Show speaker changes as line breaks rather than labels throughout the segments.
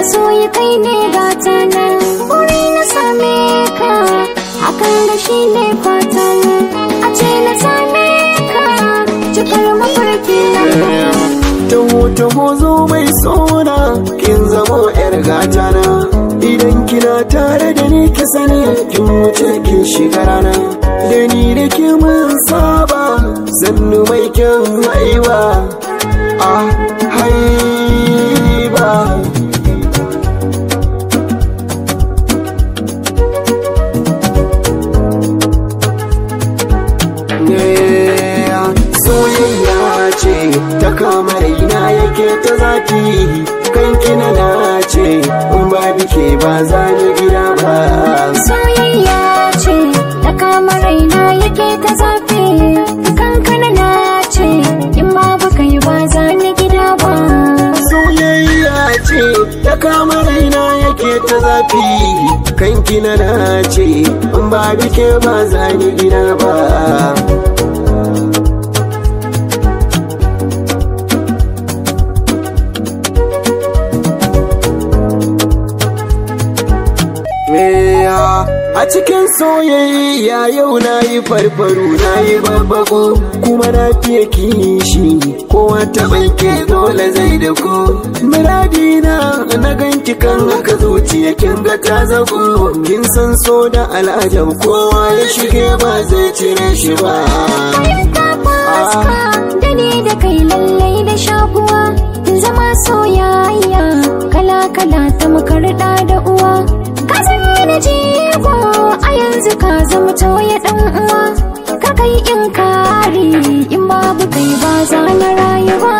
masoyi kai ne gata na wuri na
same ka hakan da shi ne fata a ce na same ka cikar mafarki na taho taho zo mai tsora kin zama yar gatana idan kina tare da ni ki sani kin wuce kin shiga rana da ni da ke mun saba zannu mai kyan rayuwa a ah, hai soyayya ce ta kama raina yake ta zafi kan kina na ce in ba bike ba za ni gida ba
soyayya ce ta kama raina yake ta zafi kan kana na ce in ma baka yi ba za ni gida ba
soyayya ce ta kama raina ta zafi kanki na nace in ba bike ba zani gida ba A cikin soyayya yau na yi farfaru na yi babbago kuma na fiye kishi kowa ta baike dole zai da ko muradi na na ganki kan haka zuciya kin ga ta zago kin san so da al'ajab kowa ya shige ba zai cire shi ba
da ne da kai lallai da shakuwa zama soyayya kala kala ta makarɗa da yanzu ka zama tauye dan uwa ka kai in kari in babu kai ba za na rayuwa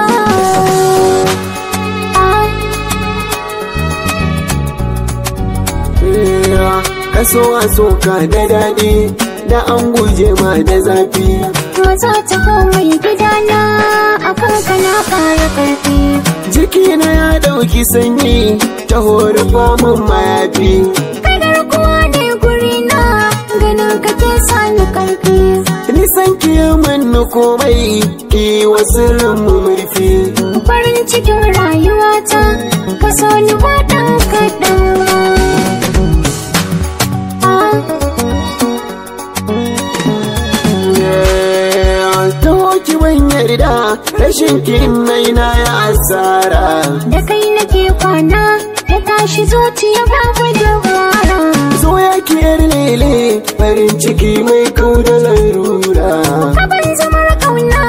kaso a soka da daɗi da an guje ma da zafi maza ta komai gidana a kanka na ƙara ƙarfi na ya ɗauki sanyi ta hori famun mayafi Ni san ki min komai ki wasu mu murfi. Farin cikin rayuwata ka so ni ba ɗan kaɗan. Eh, yarda rashin kin na ya asara. Da kai nake kwana ya tashi zuciya babu dawa. zo yaki yar lele farin ciki mai kau da larura
abin zamar kauna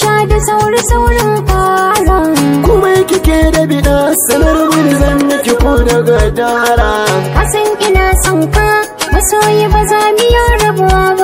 sha da sauri saurin fara kuma kike
da bida sanar mini zan miki ko da gadara
kasan ina son ka masoyi ba za mu yi rabuwa ba